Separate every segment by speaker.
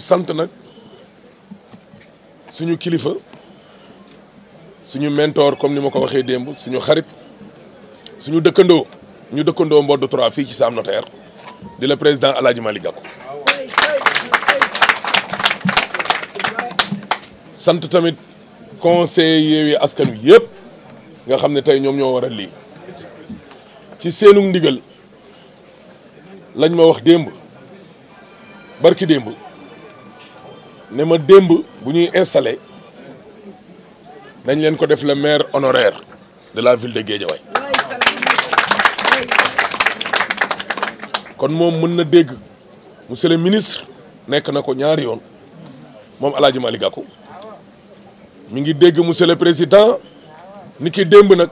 Speaker 1: sant nag suñu kilifa suñu mentor comme ni ma ko waxee démb suñu xarit suñu dëkkandoo ñu dëkkandoo Mbodj 3 fii ci Sam Notaire di la président El Hadj Malick Gakou sant tamit conseil Yewwi Askan Wi yëpp nga xam ne tey ñoom ñoo waral lii ci seenu ndigal lañ ma wax démb barki démb. ne ma démb bu ñuy installé nañ leen ko def le maire honoraire de la ville de Guédiawaye kon moom mën na dégg monsieur le ministre nekk na ko ñaari yoon moom El Hadj Malick Gakou ngi dégg monsieur le président nit ki démb nag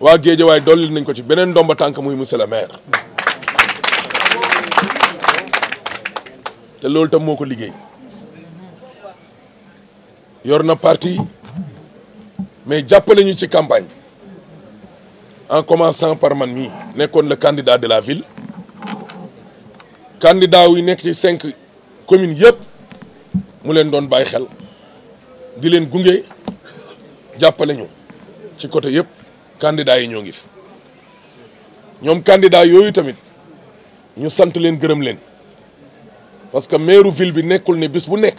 Speaker 1: waa Guédiawaye dolli nañ ko ci beneen ndomba tànk muy monsieur le maire te loolu tam moo ko liggéey. yor na parti mais jàppale ñu ci campagne en commençant par man mii nekkoon la candidat de la ville candidat wu nekk ci cinq communes yëpp mu leen doon bàyyi xel di leen gunge jàppale ñu ci côté yëpp candidats yi ñoo ngi fi ñoom candidat yooyu tamit ñu sant leen gërëm leen parce que maire ville bi nekkul ne bis bu nekk.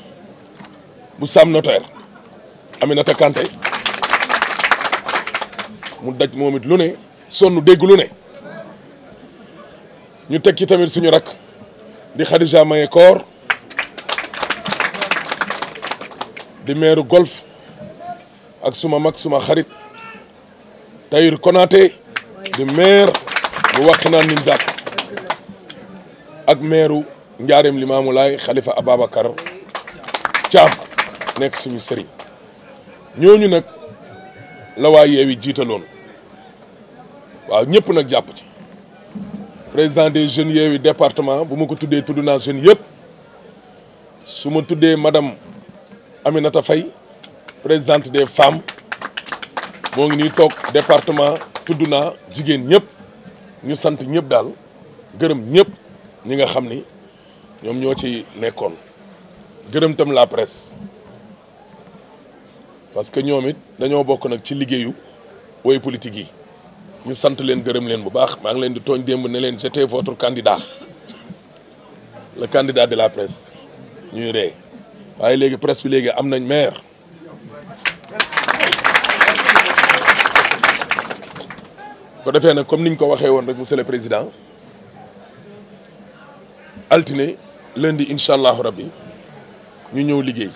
Speaker 1: bu Sam Notaire Aminata Kanté mu daj momit lune sonu ne sonn dégg lu ñu tek ci tamit suñu rak di Khadija Maye kor di maire golf ak suma mak suma xarit tayir Konaté di maire bu Wakhinane Nimzatt ak maire ndiarem limamulay Khalifa ababakar Thiam nekk suñu sëriñ ñooñu nag la waa Yewwi jiitaloon waaw ñëpp nag jàpp ci président des jeunes Yewwi département bu ma ko tuddee tudd naa jeunes yëpp su ma tuddee madame Aminata Faye présidente des femmes moo ngi nii toog département tudd naa jigéen ñëpp ñu sant ñëpp daal gërëm ñëpp ñi nga xam ni ñoom ñoo ci nekkoon gërëm tam la presse parce que ñoom it dañoo bokk nag ci liggéeyu woy politique yi ñu sant leen gërëm leen bu baax maa ngi leen di tooñ démb ne leen j'étais votre candidat le candidat de la presse ñuy ree waaye léegi presse bi léegi am nañ maire ko defee nag comme niñ ko waxee woon rek monsieur le président altine di incha allahu rabbi ñu ñëw liggéey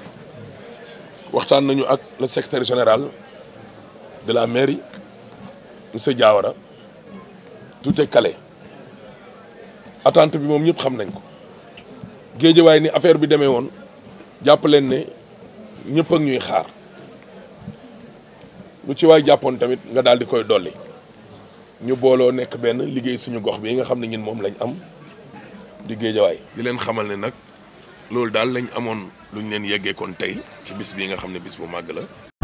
Speaker 1: waxtaan nañu ak le secrétaire général de la mairie monsieur Diawara tout est calé attente bi mom ñep xam nañ ko géejewaay ni affaire bi démé won jàpp leen ne ñëpp ak ñuy xaar lu ci way jàppoon tamit nga dal di koy dolli ñu bolo nek ben liggéey suñu gox bi nga xam ne ñun mom lañ am di géejawaay di leen xamal né nak lool dal lañ amone luñ leen yeggee kon tay ci bis bii nga xam ne bis bu màgg la.